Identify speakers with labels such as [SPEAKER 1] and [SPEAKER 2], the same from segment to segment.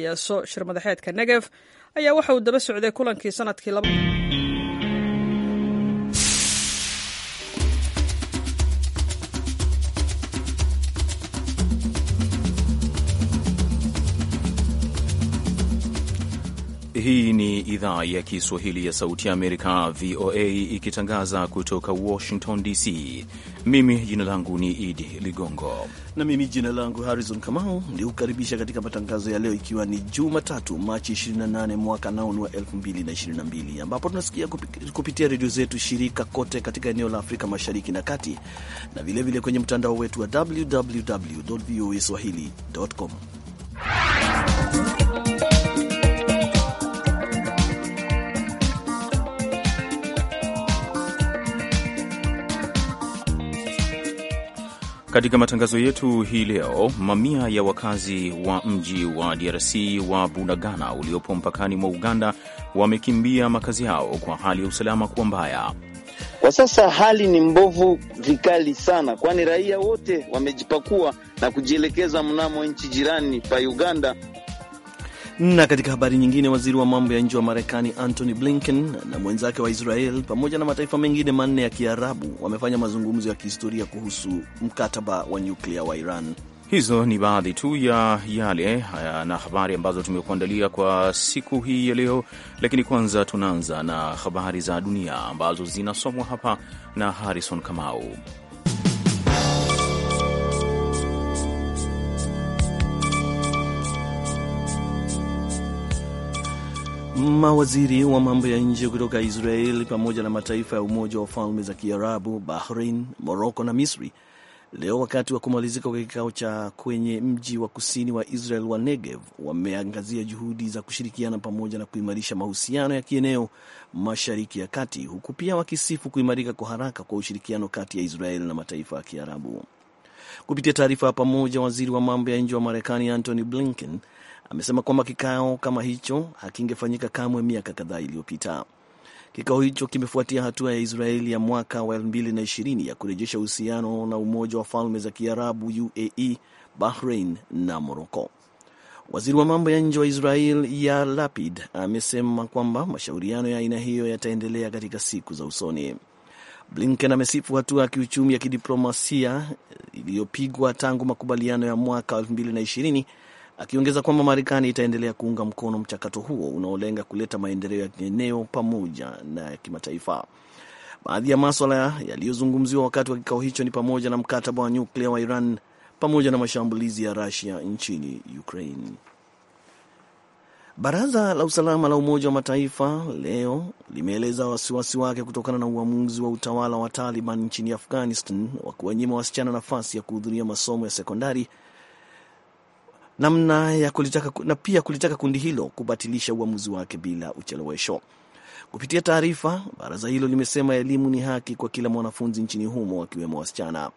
[SPEAKER 1] siyaaso shir madaxeedka negev ayaa waxa uu daba socday kulankii sanadkii
[SPEAKER 2] Hii ni idhaa ya Kiswahili ya Sauti ya Amerika, VOA, ikitangaza kutoka Washington DC. Mimi jina langu ni Idi Ligongo
[SPEAKER 3] na mimi jina langu Harrison Kamau, ndio kukaribisha katika matangazo ya leo, ikiwa ni Jumatatu Machi 28 mwaka naoni wa 2022 ambapo tunasikia kupitia redio zetu shirika kote katika eneo la Afrika Mashariki na Kati na vilevile vile kwenye mtandao wetu wa www voa swahili.com
[SPEAKER 2] Katika matangazo yetu hii leo, mamia ya wakazi wa mji wa DRC wa Bunagana uliopo mpakani mwa Uganda wamekimbia makazi yao kwa hali ya usalama
[SPEAKER 4] kuwa mbaya. Kwa sasa hali ni mbovu vikali sana, kwani raia wote wamejipakua na kujielekeza mnamo nchi jirani pa Uganda
[SPEAKER 3] na katika habari nyingine, waziri wa mambo ya nje wa Marekani Antony Blinken na mwenzake wa Israel pamoja na mataifa mengine manne ya Kiarabu wamefanya mazungumzo ya kihistoria kuhusu mkataba wa nyuklia wa Iran.
[SPEAKER 2] Hizo ni baadhi tu ya yale na habari ambazo tumekuandalia kwa siku hii ya leo, lakini kwanza tunaanza na habari za dunia ambazo zinasomwa hapa na Harrison Kamau.
[SPEAKER 3] Mawaziri wa mambo ya nje kutoka Israeli pamoja na mataifa ya Umoja wa Falme za Kiarabu, Bahrain, Moroko na Misri leo wakati wa kumalizika kwa kikao cha kwenye mji wa kusini wa Israel wa Negev wameangazia juhudi za kushirikiana pamoja na kuimarisha mahusiano ya kieneo Mashariki ya Kati, huku pia wakisifu kuimarika kwa haraka kwa ushirikiano kati ya Israel na mataifa ya Kiarabu. Kupitia taarifa ya pamoja, waziri wa mambo ya nje wa Marekani Antony Blinken amesema kwamba kikao kama hicho hakingefanyika kamwe miaka kadhaa iliyopita. Kikao hicho kimefuatia hatua ya Israeli ya mwaka wa 2020 ya kurejesha uhusiano na Umoja wa Falme za Kiarabu, UAE, Bahrain na Moroko. Waziri wa mambo ya nje wa Israel ya Lapid amesema kwamba mashauriano ya aina hiyo yataendelea katika siku za usoni. Blinken amesifu hatua ya kiuchumi ya kidiplomasia iliyopigwa tangu makubaliano ya mwaka 2020 akiongeza kwamba Marekani itaendelea kuunga mkono mchakato huo unaolenga kuleta maendeleo ya kieneo pamoja na ya kimataifa. Baadhi ya maswala yaliyozungumziwa wakati wa kikao hicho ni pamoja na mkataba wa nyuklia wa Iran pamoja na mashambulizi ya Rusia nchini Ukraine. Baraza la usalama la Umoja wa Mataifa leo limeeleza wasiwasi wake kutokana na uamuzi wa utawala wa Taliban nchini Afghanistan wa kuwanyima wasichana nafasi ya kuhudhuria masomo ya sekondari namna ya kulitaka, na pia kulitaka kundi hilo kubatilisha uamuzi wake bila uchelewesho. Kupitia taarifa, baraza hilo limesema elimu ni haki kwa kila mwanafunzi nchini humo wakiwemo wasichana.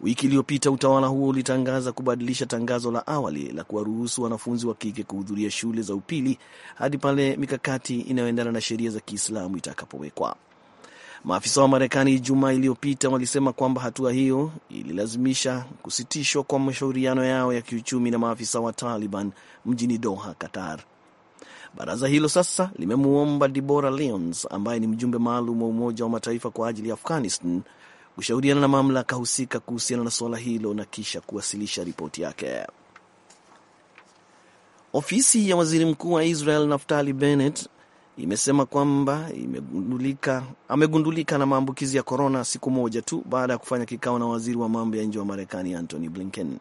[SPEAKER 3] Wiki iliyopita utawala huo ulitangaza kubadilisha tangazo la awali la kuwaruhusu wanafunzi wa kike kuhudhuria shule za upili hadi pale mikakati inayoendana na sheria za Kiislamu itakapowekwa. Maafisa wa Marekani Ijumaa iliyopita walisema kwamba hatua hiyo ililazimisha kusitishwa kwa mashauriano yao ya kiuchumi na maafisa wa Taliban mjini Doha, Qatar. Baraza hilo sasa limemwomba Deborah Lyons ambaye ni mjumbe maalum wa Umoja wa Mataifa kwa ajili ya Afghanistan kushauriana na mamlaka husika kuhusiana na suala hilo na kisha kuwasilisha ripoti yake. Ofisi ya waziri mkuu wa Israel Naftali Bennett imesema kwamba imegundulika, amegundulika na maambukizi ya korona siku moja tu baada ya kufanya kikao na waziri wa mambo ya nje wa Marekani Antony Blinken.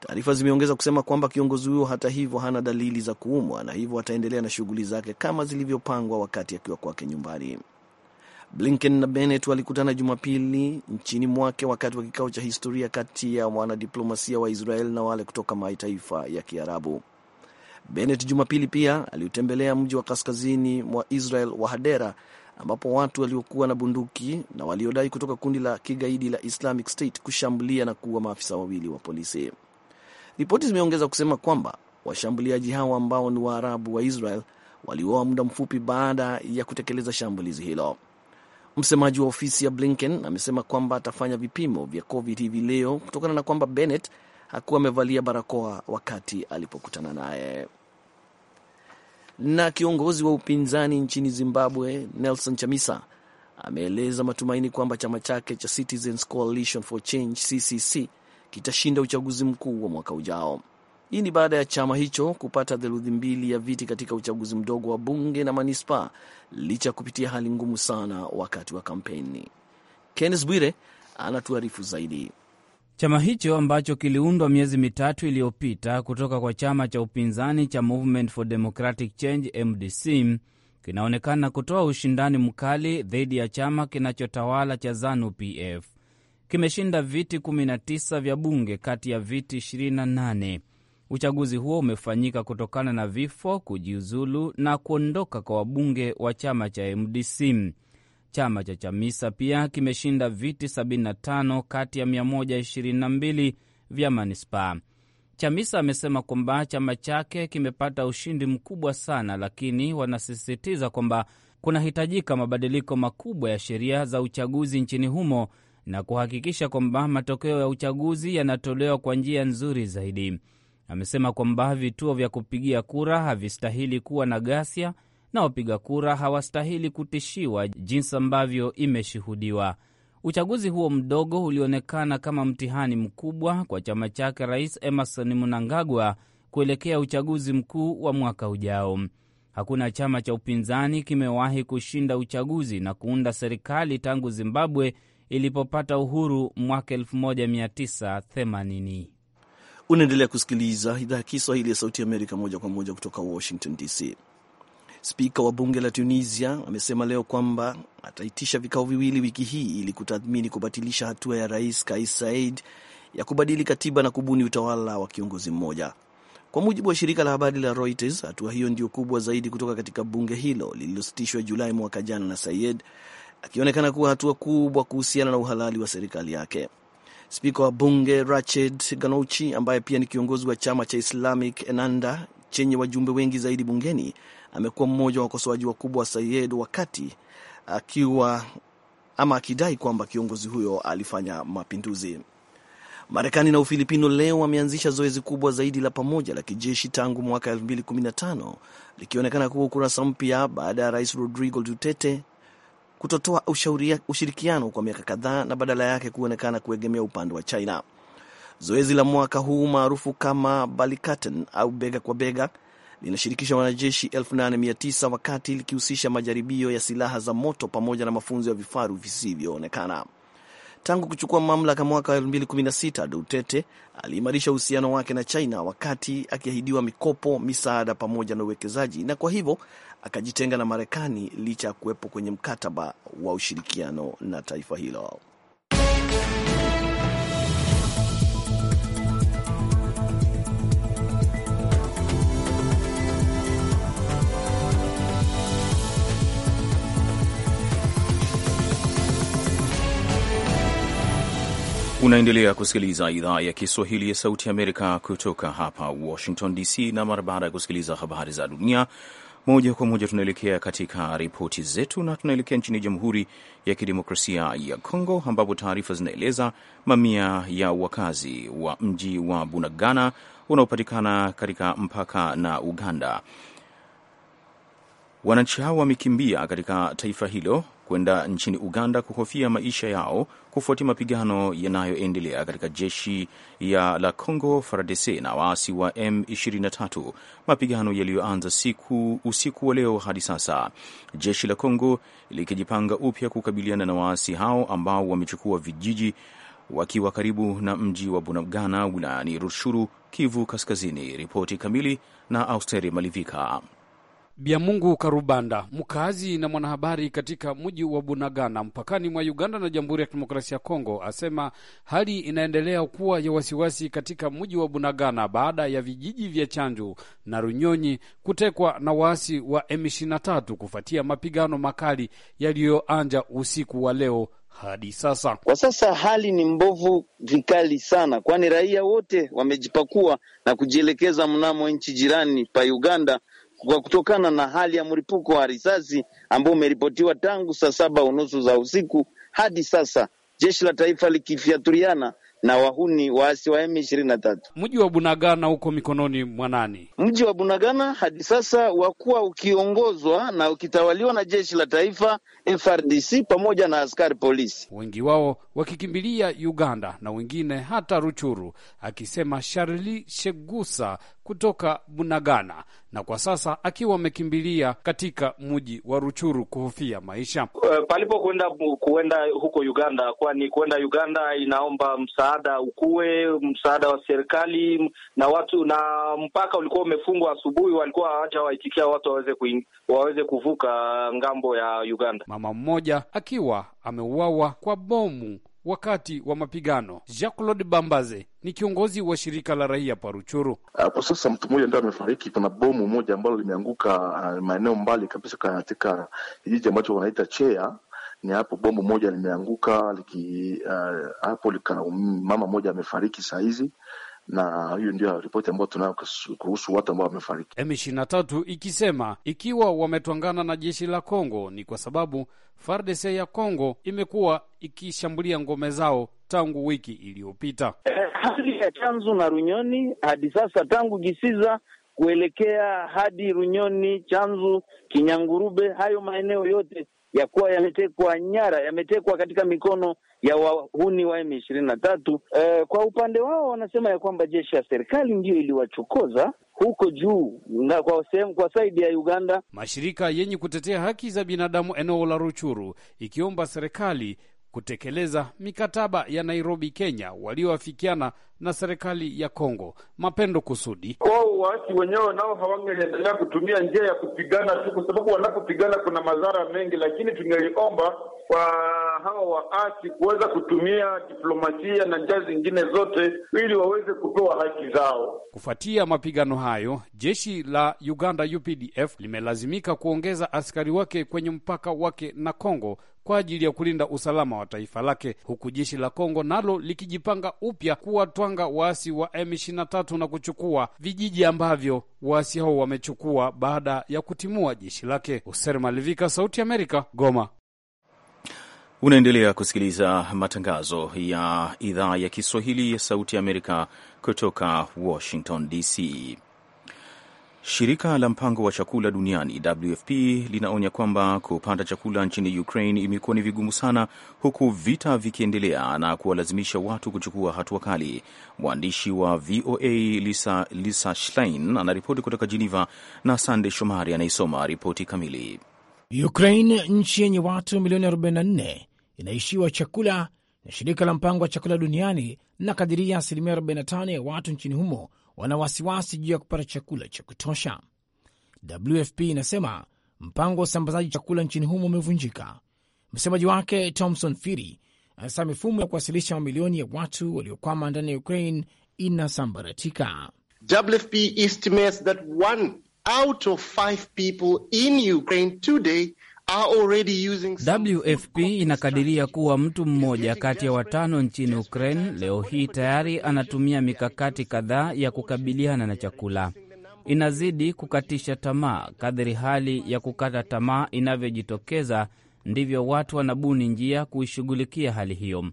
[SPEAKER 3] Taarifa zimeongeza kusema kwamba kiongozi huyo hata hivyo hana dalili za kuumwa na hivyo ataendelea na shughuli zake kama zilivyopangwa wakati akiwa kwake nyumbani. Blinken na Bennett walikutana Jumapili nchini mwake wakati wa kikao cha historia kati ya wanadiplomasia wa Israel na wale kutoka mataifa ya Kiarabu. Bennett Jumapili pia aliutembelea mji wa kaskazini mwa Israel wa Hadera ambapo watu waliokuwa na bunduki na waliodai kutoka kundi la kigaidi la Islamic State kushambulia na kuua maafisa wawili wa polisi. Ripoti zimeongeza kusema kwamba washambuliaji hao ambao ni Waarabu wa Israel waliuawa muda mfupi baada ya kutekeleza shambulizi hilo. Msemaji wa ofisi ya Blinken amesema kwamba atafanya vipimo vya COVID hivi leo kutokana na kwamba Bennett hakuwa amevalia barakoa wakati alipokutana naye. Na kiongozi wa upinzani nchini Zimbabwe Nelson Chamisa ameeleza matumaini kwamba chama chake cha Citizens Coalition for Change CCC kitashinda uchaguzi mkuu wa mwaka ujao. Hii ni baada ya chama hicho kupata theluthi mbili ya viti katika uchaguzi mdogo wa bunge na manispaa licha ya kupitia hali ngumu sana wakati wa kampeni. Kennes Bwire anatuarifu zaidi.
[SPEAKER 5] Chama hicho ambacho kiliundwa miezi mitatu iliyopita kutoka kwa chama cha upinzani cha Movement for Democratic Change MDC kinaonekana kutoa ushindani mkali dhidi ya chama kinachotawala cha ZANU PF. Kimeshinda viti 19 vya bunge kati ya viti 28. Uchaguzi huo umefanyika kutokana na vifo, kujiuzulu na kuondoka kwa wabunge wa chama cha MDC. Chama cha Chamisa pia kimeshinda viti 75 kati ya 122 vya manispaa. Chamisa amesema kwamba chama chake kimepata ushindi mkubwa sana, lakini wanasisitiza kwamba kunahitajika mabadiliko makubwa ya sheria za uchaguzi nchini humo na kuhakikisha kwamba matokeo ya uchaguzi yanatolewa kwa njia nzuri zaidi. Amesema kwamba vituo vya kupigia kura havistahili kuwa na ghasia na wapiga kura hawastahili kutishiwa jinsi ambavyo imeshuhudiwa. Uchaguzi huo mdogo ulionekana kama mtihani mkubwa kwa chama chake Rais Emerson Mnangagwa kuelekea uchaguzi mkuu wa mwaka ujao. Hakuna chama cha upinzani kimewahi kushinda uchaguzi na kuunda serikali tangu Zimbabwe ilipopata uhuru mwaka 1980.
[SPEAKER 3] Unaendelea kusikiliza idhaa ya Kiswahili ya Sauti ya Amerika moja kwa moja kutoka Washington DC. Spika wa bunge la Tunisia amesema leo kwamba ataitisha vikao viwili wiki hii ili kutathmini kubatilisha hatua ya rais Kais Saied ya kubadili katiba na kubuni utawala wa kiongozi mmoja. Kwa mujibu wa shirika la habari la Reuters, hatua hiyo ndio kubwa zaidi kutoka katika bunge hilo lililositishwa Julai mwaka jana na Saied, akionekana kuwa hatua kubwa kuhusiana na uhalali wa serikali yake. Spika wa bunge Rached Ganouchi, ambaye pia ni kiongozi wa chama cha Islamic Ennahda chenye wajumbe wengi zaidi bungeni amekuwa mmoja wa wakosoaji wakubwa wa Sayed wakati akiwa ama akidai kwamba kiongozi huyo alifanya mapinduzi. Marekani na Ufilipino leo wameanzisha zoezi kubwa zaidi la pamoja la kijeshi tangu mwaka 2015 likionekana kuwa ukurasa mpya baada ya rais Rodrigo Duterte kutotoa ushirikiano kwa miaka kadhaa na badala yake kuonekana kuegemea upande wa China. Zoezi la mwaka huu maarufu kama Balikatan au bega kwa bega linashirikisha wanajeshi 89 wakati likihusisha majaribio ya silaha za moto pamoja na mafunzo ya vifaru visivyoonekana. Tangu kuchukua mamlaka mwaka 2016 Duterte aliimarisha uhusiano wake na China wakati akiahidiwa mikopo, misaada pamoja na uwekezaji, na kwa hivyo akajitenga na Marekani licha ya kuwepo kwenye mkataba wa ushirikiano na taifa hilo.
[SPEAKER 2] Unaendelea kusikiliza idhaa ya Kiswahili ya Sauti Amerika kutoka hapa Washington DC, na mara baada ya kusikiliza habari za dunia moja kwa moja, tunaelekea katika ripoti zetu na tunaelekea nchini Jamhuri ya Kidemokrasia ya Kongo, ambapo taarifa zinaeleza mamia ya wakazi wa mji wa Bunagana unaopatikana katika mpaka na Uganda, wananchi hao wamekimbia katika taifa hilo kwenda nchini Uganda kuhofia maisha yao kufuatia mapigano yanayoendelea katika jeshi ya la Congo FARDC na waasi wa M23, mapigano yaliyoanza siku usiku wa leo hadi sasa, jeshi la Congo likijipanga upya kukabiliana na waasi hao ambao wamechukua vijiji wakiwa karibu na mji wa Bunagana wilayani Rushuru, Kivu Kaskazini. Ripoti kamili na
[SPEAKER 6] Austeri Malivika biamungu Karubanda, mkazi na mwanahabari katika mji wa Bunagana mpakani mwa Uganda na Jamhuri ya Kidemokrasia ya Kongo, asema hali inaendelea kuwa ya wasiwasi katika mji wa Bunagana baada ya vijiji vya Chanju na Runyonyi kutekwa na waasi wa M23 kufuatia mapigano makali yaliyoanja usiku wa leo hadi sasa.
[SPEAKER 4] Kwa sasa hali ni mbovu vikali sana, kwani raia wote wamejipakua na kujielekeza mnamo nchi jirani pa Uganda kwa kutokana na hali ya mlipuko wa risasi ambao umeripotiwa tangu saa saba unusu za usiku hadi sasa, jeshi la taifa likifyaturiana na wahuni waasi wa M23.
[SPEAKER 6] Mji wa Bunagana uko mikononi mwa nani? Mji wa
[SPEAKER 4] Bunagana hadi sasa wakuwa ukiongozwa na ukitawaliwa na jeshi la taifa
[SPEAKER 6] FRDC
[SPEAKER 4] pamoja na askari polisi,
[SPEAKER 6] wengi wao wakikimbilia Uganda na wengine hata Ruchuru, akisema Sharli Shegusa, kutoka Bunagana na kwa sasa akiwa amekimbilia katika mji wa Ruchuru kuhofia maisha
[SPEAKER 4] eh, palipo kuenda kuenda huko Uganda, kwani kuenda Uganda inaomba msaada ukue, msaada wa serikali na watu, na mpaka ulikuwa umefungwa asubuhi, walikuwa hawajawaitikia watu waweze kuing, waweze kuvuka ngambo ya Uganda.
[SPEAKER 6] Mama mmoja akiwa ameuawa kwa bomu wakati wa mapigano. Jacques Claude Bambaze ni kiongozi wa shirika la raia Paruchuru.
[SPEAKER 7] Kwa sasa mtu mmoja ndio amefariki. Kuna bomu moja ambalo limeanguka uh, maeneo mbali kabisa katika kijiji ambacho wanaita Chea ni hapo bomu moja limeanguka liki, uh, hapo lika, um, mama amefariki saa hizi na hiyo ndio ripoti ambayo tunayo kuhusu watu ambao wamefariki.
[SPEAKER 6] M23 ikisema ikiwa wametwangana na jeshi la Kongo ni kwa sababu FARDC ya Kongo imekuwa ikishambulia ngome zao tangu wiki iliyopita.
[SPEAKER 4] Eh, hali ya chanzo na Runyoni hadi sasa tangu Gisiza kuelekea hadi Runyoni, Chanzu, Kinyangurube, hayo maeneo yote yakuwa yametekwa nyara, yametekwa katika mikono ya wahuni wa M23. Eh, kwa upande wao wanasema ya kwamba jeshi ya serikali ndiyo iliwachokoza huko juu na kwa sehemu kwa saidi ya Uganda.
[SPEAKER 6] Mashirika yenye kutetea haki za binadamu eneo la Ruchuru ikiomba serikali kutekeleza mikataba ya Nairobi, Kenya walioafikiana na serikali ya Kongo. Mapendo Kusudi:
[SPEAKER 4] wao waasi wenyewe nao hawangeliendelea kutumia njia ya kupigana tu, kwa sababu wanapopigana kuna madhara mengi, lakini tungeliomba kwa hawa waasi kuweza kutumia diplomasia na njia zingine zote ili waweze kupewa haki zao.
[SPEAKER 6] Kufuatia mapigano hayo, jeshi la Uganda UPDF limelazimika kuongeza askari wake kwenye mpaka wake na Kongo kwa ajili ya kulinda usalama wa taifa lake, huku jeshi la Kongo nalo likijipanga upya kuwatwanga waasi wa M23 na kuchukua vijiji ambavyo waasi hao wamechukua baada ya kutimua jeshi lake. Hoser Malivika, Sauti Amerika, Goma.
[SPEAKER 2] Unaendelea kusikiliza matangazo ya idhaa ya Kiswahili ya Sauti ya Amerika kutoka Washington DC. Shirika la mpango wa chakula duniani WFP linaonya kwamba kupata chakula nchini Ukraine imekuwa ni vigumu sana, huku vita vikiendelea na kuwalazimisha watu kuchukua hatua kali. Mwandishi wa VOA Lisa, Lisa Schlein anaripoti kutoka Geneva na Sande Shomari anaisoma ripoti kamili.
[SPEAKER 8] Ukraine, nchi yenye watu milioni 44, inaishiwa chakula na shirika la mpango wa chakula duniani kadiria asilimia 45 ya watu nchini humo wana wasiwasi juu ya kupata chakula cha kutosha. WFP inasema mpango wa usambazaji chakula nchini humo umevunjika. Msemaji wake Thomson Firi anasema mifumo ya kuwasilisha mamilioni ya watu waliokwama ndani ya Ukraine inasambaratika.
[SPEAKER 7] WFP estimates that one out of five people in Ukraine today
[SPEAKER 5] WFP inakadiria kuwa mtu mmoja kati ya watano nchini Ukraine leo hii tayari anatumia mikakati kadhaa ya kukabiliana na chakula. Inazidi kukatisha tamaa. kadhiri hali ya kukata tamaa inavyojitokeza, ndivyo watu wanabuni njia kuishughulikia hali hiyo.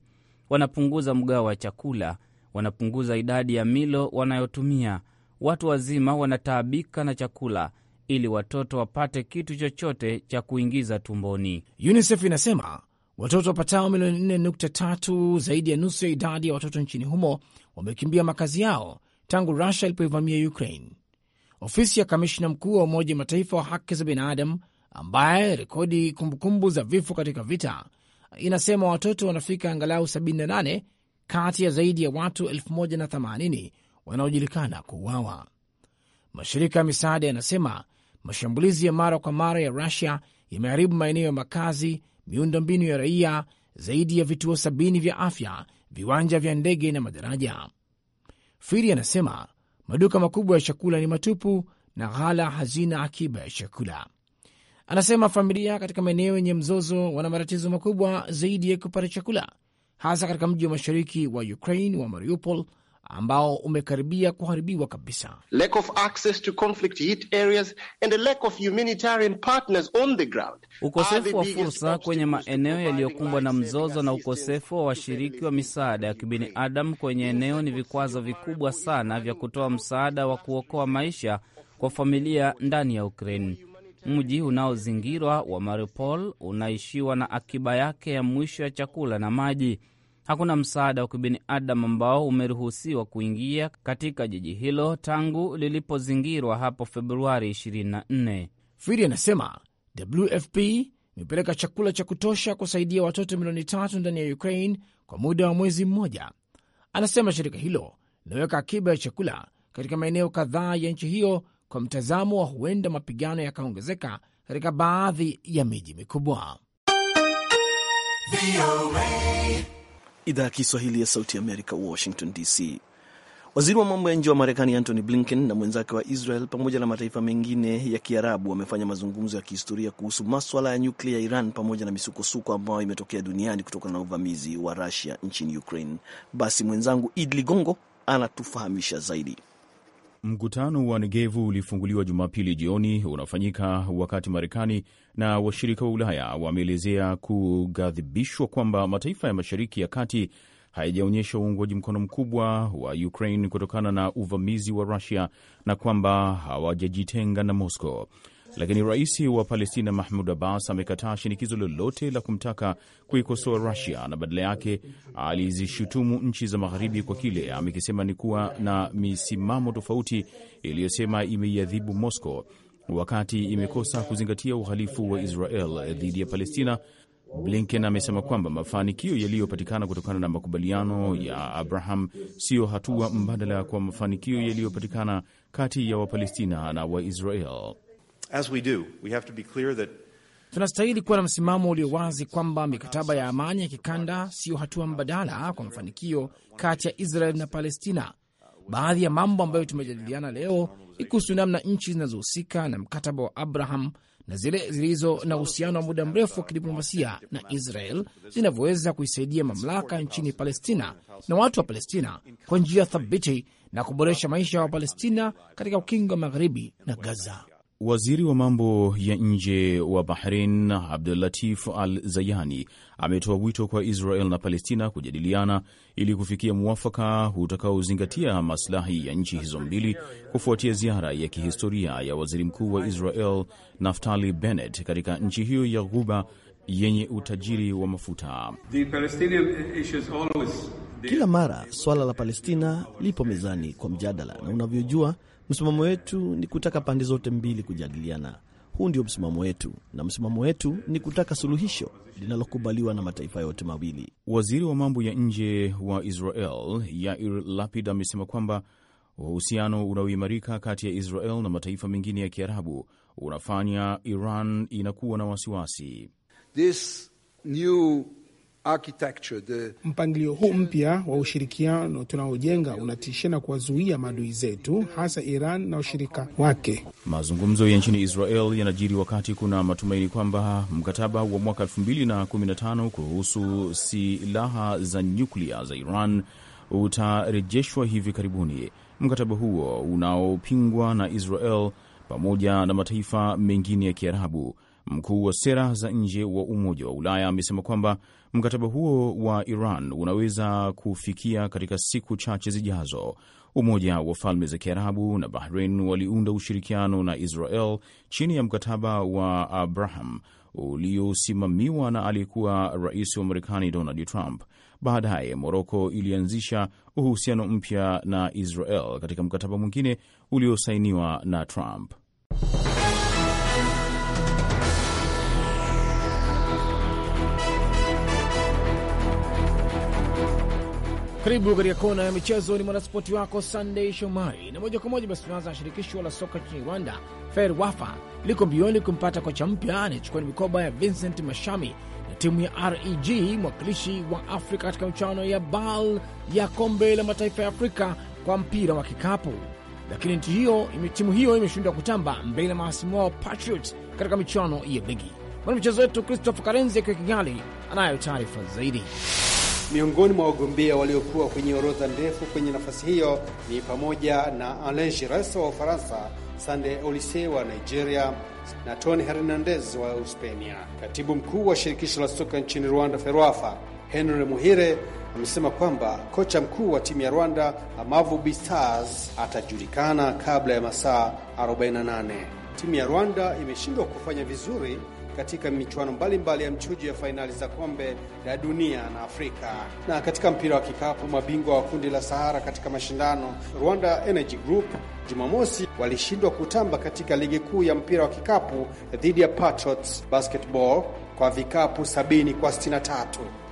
[SPEAKER 5] Wanapunguza mgao wa chakula, wanapunguza idadi ya milo wanayotumia. Watu wazima wanataabika na chakula ili watoto wapate kitu chochote cha kuingiza tumboni. UNICEF
[SPEAKER 8] inasema watoto wapatao milioni 4.3, zaidi ya nusu ya idadi ya watoto nchini humo, wamekimbia makazi yao tangu Rusia ilipoivamia Ukraine. Ofisi ya kamishna mkuu wa Umoja Mataifa wa haki za binadamu ambaye rekodi kumbukumbu za vifo katika vita inasema watoto wanafika angalau 78 kati ya zaidi ya watu 1080 wanaojulikana kuuawa. Mashirika ya misaada yanasema Mashambulizi ya mara kwa mara ya Rusia yameharibu maeneo ya makazi, miundo mbinu ya raia, zaidi ya vituo sabini vya afya, viwanja vya ndege na madaraja. Firi anasema maduka makubwa ya chakula ni matupu na ghala hazina akiba ya chakula. Anasema familia katika maeneo yenye mzozo wana matatizo makubwa zaidi ya kupata chakula, hasa katika mji wa mashariki wa Ukraine wa Mariupol ambao umekaribia kuharibiwa kabisa.
[SPEAKER 7] Lack of access to conflict hit areas and a lack of humanitarian partners on the ground. Ukosefu wa fursa
[SPEAKER 5] kwenye maeneo yaliyokumbwa na mzozo na ukosefu wa washiriki wa misaada ya kibinadamu kwenye eneo ni vikwazo vikubwa sana vya kutoa msaada wa kuokoa maisha kwa familia ndani ya Ukraini. Mji unaozingirwa wa Mariupol unaishiwa na akiba yake ya mwisho ya chakula na maji. Hakuna msaada wa kibinadamu ambao umeruhusiwa kuingia katika jiji hilo tangu lilipozingirwa hapo Februari 24. Firi anasema
[SPEAKER 8] WFP imepeleka chakula cha kutosha kusaidia watoto milioni tatu ndani ya Ukraine kwa muda wa mwezi mmoja. Anasema shirika hilo linaweka akiba ya chakula katika maeneo kadhaa ya nchi hiyo kwa mtazamo wa huenda mapigano yakaongezeka katika baadhi ya miji mikubwa
[SPEAKER 3] idhaa ya Kiswahili ya Sauti ya Amerika, Washington DC. Waziri wa mambo ya nje wa Marekani Antony Blinken na mwenzake wa Israel pamoja na mataifa mengine ya Kiarabu wamefanya mazungumzo ya kihistoria kuhusu maswala ya nyuklia ya Iran pamoja na misukosuko ambayo imetokea duniani kutokana na uvamizi wa Rusia nchini Ukraine. Basi mwenzangu Id Ligongo anatufahamisha zaidi.
[SPEAKER 2] Mkutano wa Negevu ulifunguliwa Jumapili jioni, unafanyika wakati Marekani na washirika wa Ulaya wameelezea kughadhibishwa kwamba mataifa ya Mashariki ya Kati hayajaonyesha uungwaji mkono mkubwa wa Ukraine kutokana na uvamizi wa Rusia na kwamba hawajajitenga na Moscow lakini rais wa Palestina Mahmud Abbas amekataa shinikizo lolote la kumtaka kuikosoa Rusia na badala yake alizishutumu nchi za Magharibi kwa kile amekisema ni kuwa na misimamo tofauti iliyosema imeiadhibu Moscow wakati imekosa kuzingatia uhalifu wa Israel dhidi ya Palestina. Blinken amesema kwamba mafanikio yaliyopatikana kutokana na makubaliano ya Abraham siyo hatua mbadala kwa mafanikio yaliyopatikana kati ya Wapalestina na Waisrael.
[SPEAKER 7] As we do, we have to be clear that
[SPEAKER 2] tunastahili kuwa na msimamo ulio wazi
[SPEAKER 8] kwamba mikataba ya amani ya kikanda siyo hatua mbadala kwa mafanikio kati ya Israel na Palestina. Baadhi ya mambo ambayo tumejadiliana leo ni kuhusu namna nchi zinazohusika na mkataba wa Abraham na zile zilizo na uhusiano wa muda mrefu wa kidiplomasia na Israel zinavyoweza kuisaidia mamlaka nchini Palestina na watu wa Palestina kwa njia thabiti na kuboresha maisha ya Wapalestina katika ukingo wa magharibi na Gaza.
[SPEAKER 2] Waziri wa mambo ya nje wa Bahrain Abdulatif Al Zayani ametoa wito kwa Israel na Palestina kujadiliana ili kufikia mwafaka utakaozingatia maslahi ya nchi hizo mbili kufuatia ziara ya kihistoria ya waziri mkuu wa Israel Naftali Bennett katika nchi hiyo ya Ghuba yenye utajiri wa mafuta. Kila mara swala la
[SPEAKER 3] Palestina lipo mezani kwa mjadala, na unavyojua Msimamo wetu ni kutaka pande zote mbili kujadiliana. Huu ndio msimamo wetu, na msimamo wetu ni kutaka suluhisho linalokubaliwa na mataifa yote mawili.
[SPEAKER 2] Waziri wa mambo ya nje wa Israel Yair Lapid amesema kwamba uhusiano unaoimarika kati ya Israel na mataifa mengine ya Kiarabu unafanya Iran inakuwa na wasiwasi This
[SPEAKER 9] new
[SPEAKER 7] mpangilio huu mpya wa ushirikiano tunaojenga unatishia na kuwazuia maadui zetu, hasa Iran na washirika
[SPEAKER 9] wake.
[SPEAKER 2] Mazungumzo ya nchini Israel yanajiri wakati kuna matumaini kwamba mkataba wa mwaka 2015 kuhusu silaha za nyuklia za Iran utarejeshwa hivi karibuni. Mkataba huo unaopingwa na Israel pamoja na mataifa mengine ya Kiarabu. Mkuu wa sera za nje wa Umoja wa Ulaya amesema kwamba Mkataba huo wa Iran unaweza kufikia katika siku chache zijazo. Umoja wa Falme za Kiarabu na Bahrain waliunda ushirikiano na Israel chini ya mkataba wa Abraham uliosimamiwa na aliyekuwa rais wa Marekani Donald Trump. Baadaye Moroko ilianzisha uhusiano mpya na Israel katika mkataba mwingine uliosainiwa na Trump.
[SPEAKER 8] Karibu katika kona ya michezo, ni mwanaspoti wako Sunday Shomari na moja kwa moja. Basi tunaanza na shirikisho la soka nchini Rwanda, FER Wafa liko mbioni kumpata kocha mpya anayechukua ni mikoba ya Vincent Mashami na timu ya REG, mwakilishi wa Afrika katika michuano ya BAL ya kombe la mataifa ya Afrika kwa mpira wa kikapu. Lakini nchi hiyo, timu hiyo imeshindwa kutamba mbele ya mahasimu wao Patriot katika michuano ya ligi. Mwanamichezo wetu Christopher Karenzi akiwa Kigali anayo taarifa zaidi.
[SPEAKER 9] Miongoni mwa wagombea waliokuwa kwenye orodha ndefu kwenye nafasi hiyo ni pamoja na Alain Giresse wa Ufaransa, Sande Olise wa Nigeria na Tony Hernandez wa Uspenia. Katibu mkuu wa shirikisho la soka nchini Rwanda, FERWAFA, Henry Muhire amesema kwamba kocha mkuu wa timu ya Rwanda Amavubi Stars atajulikana kabla ya masaa 48. Timu ya Rwanda imeshindwa kufanya vizuri katika michuano mbalimbali ya mchujo ya fainali za kombe la dunia na Afrika. Na katika mpira wa kikapu, mabingwa wa kundi la Sahara katika mashindano Rwanda Energy Group Jumamosi walishindwa kutamba katika ligi kuu ya mpira wa kikapu dhidi ya Patriots Basketball kwa vikapu 70 kwa 63.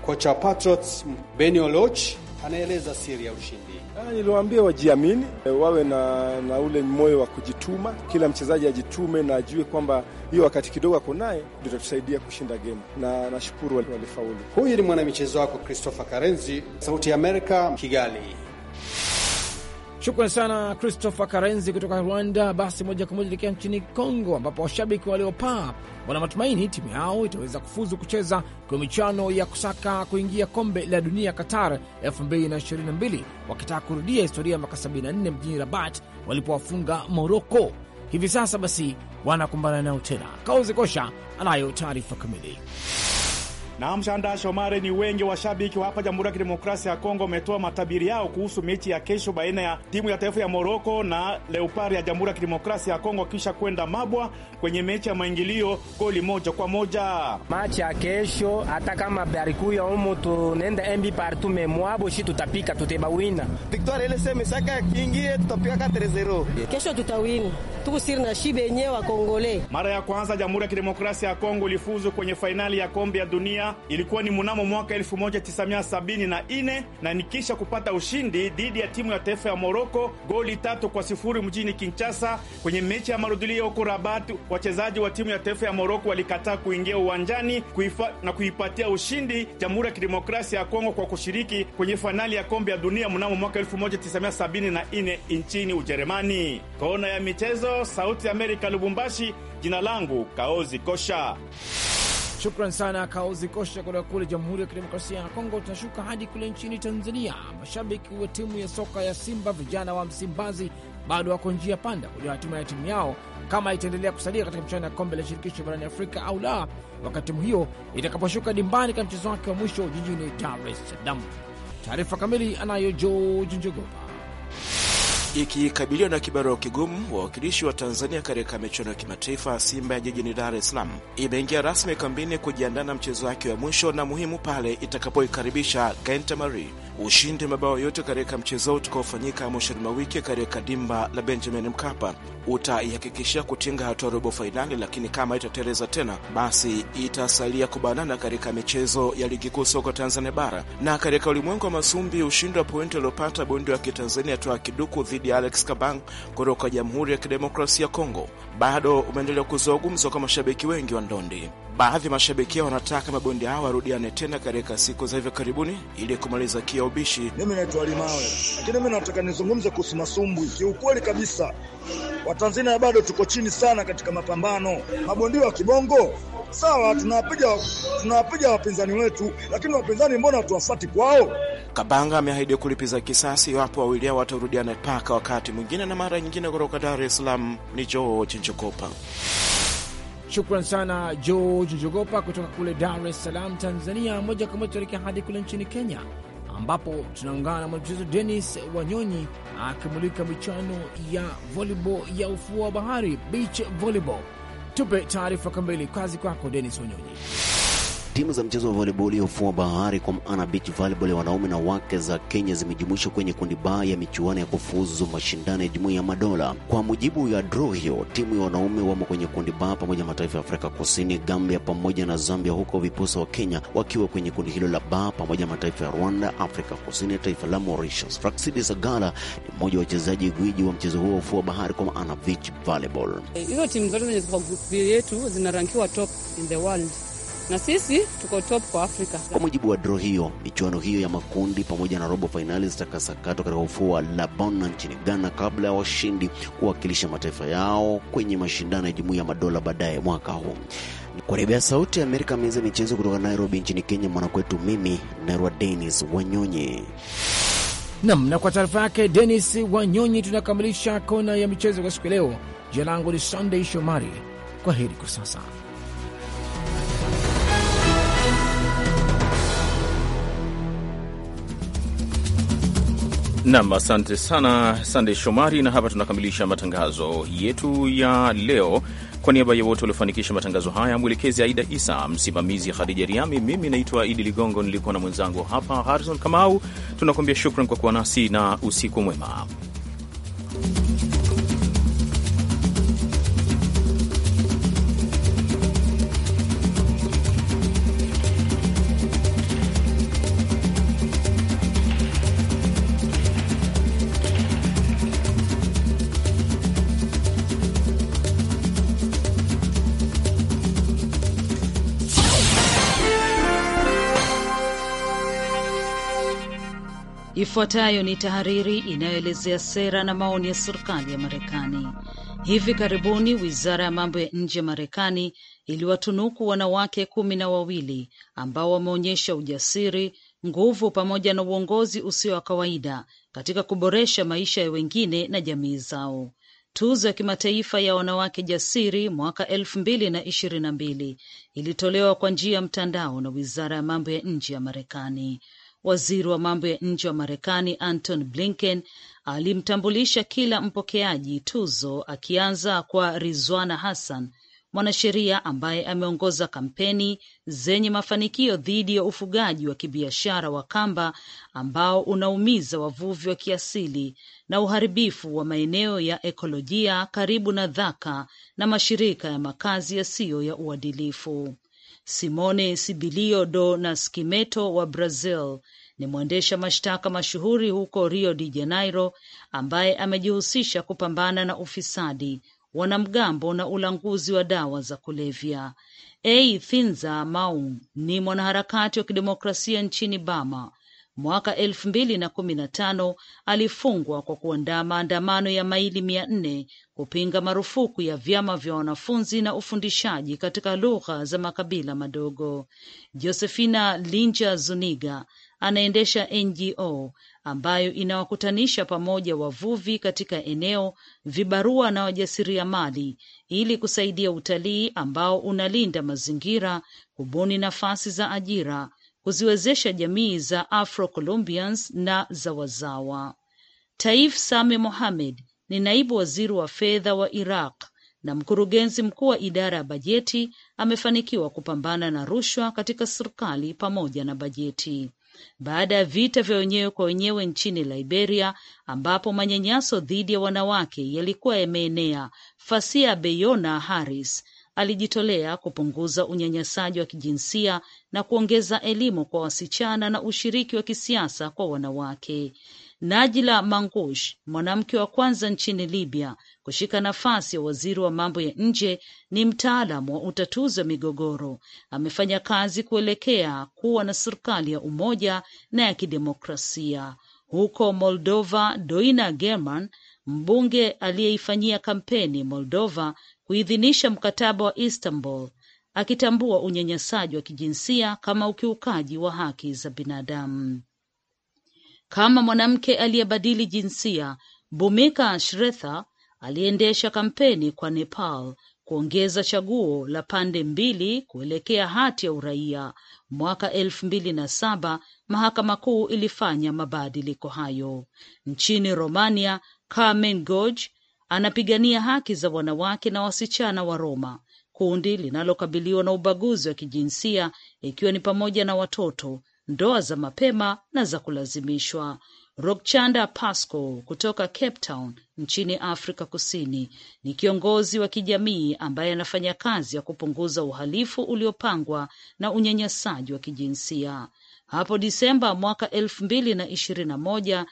[SPEAKER 9] Kocha wa Patriots Benny Oloch anaeleza siri ya ushindi. Ah, niliwaambia wajiamini, eh, wawe na, na ule moyo wa kujituma. Kila mchezaji
[SPEAKER 7] ajitume na ajue kwamba hiyo wakati kidogo ako naye ndio itatusaidia kushinda gemu, na nashukuru
[SPEAKER 9] walifaulu. Huyu ni mwanamichezo wako Christopher Karenzi, Sauti ya Amerika, Kigali.
[SPEAKER 8] Shukran sana Christopher Karenzi kutoka Rwanda. Basi moja kwa moja elekea nchini Kongo, ambapo washabiki waliopaa wana matumaini timu yao itaweza kufuzu kucheza kwa michano ya kusaka kuingia kombe la dunia Qatar 2022 wakitaka kurudia historia ya mwaka 74 mjini Rabat walipowafunga Moroko. Hivi sasa basi wanakumbana nao tena. Kauzi Kosha anayo taarifa kamili
[SPEAKER 7] na Mshanda ni wengi washabiki wa hapa Jamhuri ya Kidemokrasia ya Kongo wametoa matabiri yao kuhusu mechi ya kesho baina ya timu ya taifa ya Moroko na Leopard ya Jamhuri ya Kidemokrasia ya Kongo kisha kwenda Mabwa kwenye mechi ya maingilio goli moja kwa moja. Machi ya kesho hata
[SPEAKER 8] kama barikuya umo tunenda mb partout mais shi tutapika tutebawina.
[SPEAKER 9] Victoire ile sema saka kingie tutapika 3-0. Kesho tutawini. tukusiri na shibe yenyewe
[SPEAKER 7] wa Kongole. Mara ya kwanza Jamhuri ya Kidemokrasia ya Kongo ilifuzu kwenye fainali ya kombe ya dunia ilikuwa ni mnamo mwaka 1974 na, na nikisha kupata ushindi dhidi ya timu ya taifa ya Moroko goli tatu kwa sifuri mjini Kinshasa kwenye mechi ya marudhulio huko Rabat. Wachezaji wa timu ya taifa ya Moroko walikataa kuingia uwanjani kuifa, na kuipatia ushindi Jamhuri ya Kidemokrasia ya Kongo kwa kushiriki kwenye fainali ya kombe ya dunia mnamo mwaka 1974 nchini Ujerumani. Kona ya michezo, Sauti ya Amerika, Lubumbashi. Jina langu Kaozi Kosha.
[SPEAKER 8] Shukran sana Kauzi Kosha kutoka kule Jamhuri ya Kidemokrasia ya Kongo. Tunashuka hadi kule nchini Tanzania. Mashabiki wa timu ya soka ya Simba vijana wa Msimbazi bado wako njia panda kujua hatima ya timu yao kama itaendelea kusalia katika mchuano ya kombe la shirikisho barani Afrika au la, wakati timu hiyo itakaposhuka dimbani katika mchezo wake wa mwisho jijini Dar es Salaam. Taarifa kamili anayo George Njogopa.
[SPEAKER 7] Ikikabiliwa na kibarua kigumu, wawakilishi wa Tanzania katika michuano ya kimataifa, Simba ya jijini Dar es Salaam imeingia rasmi kambini kujiandaa na mchezo wake wa mwisho na muhimu pale itakapoikaribisha mari Ushindi wa mabao yote katika mchezo utakaofanyika mwishoni mwa wiki katika dimba la Benjamin Mkapa utaihakikishia kutinga hatua robo fainali, lakini kama itateleza tena, basi itasalia kubanana katika michezo ya ligi kuu soka Tanzania Bara. Na katika ulimwengu wa masumbi, ushindi wa pointi aliopata bundi wa kitanzania toa kiduku dhidi ya Alex Kabang kutoka Jamhuri ya Kidemokrasia ya Kongo bado umeendelea kuzoa gumzo kwa mashabiki wengi wa ndondi. Baadhi ya mashabiki wanataka mabonde hao warudiane tena katika siku za hivi karibuni ili kumaliza kia ubishi. Mimi naitwa Limawe, lakini mimi nataka nizungumze kuhusu masumbwi. Kiukweli kabisa, Watanzania bado tuko chini sana katika mapambano. mabondi wa kibongo sawa, tunawapiga tunawapiga wapinzani wetu, lakini wapinzani mbona hatuwafati kwao? Kabanga ameahidi kulipiza kisasi iwapo wawili hao watarudiana. paka wakati mwingine na mara nyingine, kutoka Dar es Salaam ni George Njokopa.
[SPEAKER 8] Shukran sana George Jogopa kutoka kule Dar es Salaam, Tanzania. Moja kwa moja tuelekea hadi kule nchini Kenya, ambapo tunaungana na mwanamchezo Denis Wanyonyi akimulika michuano ya volleyball ya ufuo wa bahari, beach volleyball. Tupe taarifa kamili. Kazi kwako Denis Wanyonyi.
[SPEAKER 3] Timu za mchezo wa volleyball ufuo wa bahari kwa maana beach volleyball wanaume na wake za Kenya zimejumuishwa kwenye kundi baa ya michuano ya kufuzu mashindano ya Jumuiya ya Madola. Kwa mujibu ya draw hiyo, timu ya wanaume wamo kwenye kundi ba pamoja na mataifa ya Afrika Kusini, Gambia pamoja na Zambia, huko viposa wa Kenya wakiwa kwenye kundi hilo la ba pamoja na mataifa ya Rwanda, Afrika Kusini na taifa la Mauritius. Fraxidi Sagala ni mmoja wa wachezaji gwiji wa mchezo huo wa ufuo wa bahari kwa maana beach volleyball.
[SPEAKER 9] Hizo
[SPEAKER 5] timu zote zenye yetu zinarankiwa top in the world na sisi tuko top kwa Afrika. Kwa
[SPEAKER 3] mujibu wa dro hiyo, michuano hiyo ya makundi pamoja na robo fainali zitakasakatwa katika ufuo wa Labona nchini Ghana kabla ya washindi kuwakilisha mataifa yao kwenye mashindano ya Jumuiya ya Madola baadaye mwaka huu. Kwa niaba ya Sauti ya Amerika meza michezo kutoka Nairobi nchini Kenya, mwanakwetu mimi Nairwa Denis Wanyonyi.
[SPEAKER 8] Nam na kwa taarifa yake Denis Wanyonyi, tunakamilisha kona ya michezo kwa siku ya leo. Jina langu ni Sunday Shomari. Kwa heri kwa sasa.
[SPEAKER 2] Nam, asante sana Sandey Shomari, na hapa tunakamilisha matangazo yetu ya leo. Kwa niaba ya wote waliofanikisha matangazo haya, mwelekezi Aida Isa, msimamizi Khadija Riami, mimi naitwa Idi Ligongo, nilikuwa na mwenzangu hapa Harrison Kamau. Tunakuambia shukran kwa kuwa nasi na usiku mwema.
[SPEAKER 1] Ifuatayo ni tahariri inayoelezea sera na maoni ya serikali ya Marekani. Hivi karibuni wizara ya mambo ya nje ya Marekani iliwatunuku wanawake kumi na wawili ambao wameonyesha ujasiri, nguvu pamoja na uongozi usio wa kawaida katika kuboresha maisha ya wengine na jamii zao. Tuzo ya kimataifa ya wanawake jasiri mwaka elfu mbili na ishirini na mbili ilitolewa kwa njia ya mtandao na wizara ya mambo ya nje ya Marekani. Waziri wa mambo ya nje wa Marekani Anton Blinken alimtambulisha kila mpokeaji tuzo akianza kwa Rizwana Hassan, mwanasheria ambaye ameongoza kampeni zenye mafanikio dhidi ya ufugaji wa kibiashara wa kamba ambao unaumiza wavuvi wa kiasili na uharibifu wa maeneo ya ekolojia karibu na Dhaka na mashirika ya makazi yasiyo ya uadilifu. Simone Sibilio do Nascimento wa Brazil ni mwendesha mashtaka mashuhuri huko Rio de Janeiro ambaye amejihusisha kupambana na ufisadi, wanamgambo na ulanguzi wa dawa za kulevya. A Thinza Maung ni mwanaharakati wa kidemokrasia nchini bama mwaka elfu mbili na kumi na tano alifungwa kwa kuandaa maandamano ya maili mia nne kupinga marufuku ya vyama vya wanafunzi na ufundishaji katika lugha za makabila madogo. Josefina Linja Zuniga anaendesha NGO ambayo inawakutanisha pamoja wavuvi katika eneo, vibarua na wajasiriamali ili kusaidia utalii ambao unalinda mazingira, kubuni nafasi za ajira, kuziwezesha jamii za Afro-Colombians na Zawazawa. Taif Same Mohamed ni naibu waziri wa fedha wa Iraq na mkurugenzi mkuu wa idara ya bajeti, amefanikiwa kupambana na rushwa katika serikali pamoja na bajeti baada ya vita vya wenyewe kwa wenyewe nchini Liberia ambapo manyanyaso dhidi ya wanawake yalikuwa yameenea. Fasia Beyona Harris alijitolea kupunguza unyanyasaji wa kijinsia na kuongeza elimu kwa wasichana na ushiriki wa kisiasa kwa wanawake. Najla Mangush, mwanamke wa kwanza nchini Libya kushika nafasi ya waziri wa mambo ya nje, ni mtaalamu wa utatuzi wa migogoro. Amefanya kazi kuelekea kuwa na serikali ya umoja na ya kidemokrasia. Huko Moldova, Doina German, mbunge aliyeifanyia kampeni Moldova, kuidhinisha mkataba wa Istanbul akitambua unyanyasaji wa kijinsia kama ukiukaji wa haki za binadamu. Kama mwanamke aliyebadili jinsia, bumika Shretha aliendesha kampeni kwa Nepal kuongeza chaguo la pande mbili kuelekea hati ya uraia. Mwaka elfu mbili na saba mahakama kuu ilifanya mabadiliko hayo. Nchini Romania, Carmen Goj anapigania haki za wanawake na wasichana wa Roma, kundi linalokabiliwa na ubaguzi wa kijinsia ikiwa ni pamoja na watoto, ndoa za mapema na za kulazimishwa. rokchanda Pasco kutoka Cape Town nchini Afrika Kusini ni kiongozi wa kijamii ambaye anafanya kazi ya kupunguza uhalifu uliopangwa na unyanyasaji wa kijinsia. Hapo Disemba mwaka elfu mbili na ishirini na moja,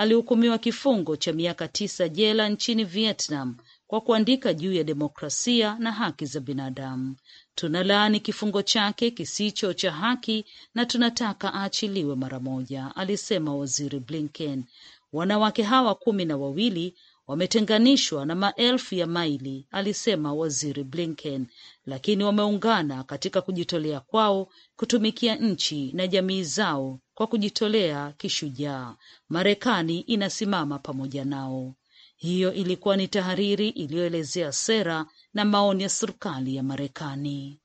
[SPEAKER 1] alihukumiwa kifungo cha miaka tisa jela nchini Vietnam kwa kuandika juu ya demokrasia na haki za binadamu. Tunalaani kifungo chake kisicho cha haki na tunataka aachiliwe mara moja, alisema Waziri Blinken. Wanawake hawa kumi na wawili wametenganishwa na maelfu ya maili, alisema Waziri Blinken, lakini wameungana katika kujitolea kwao kutumikia nchi na jamii zao kwa kujitolea kishujaa. Marekani inasimama pamoja nao. Hiyo ilikuwa ni tahariri iliyoelezea sera na maoni ya serikali ya Marekani.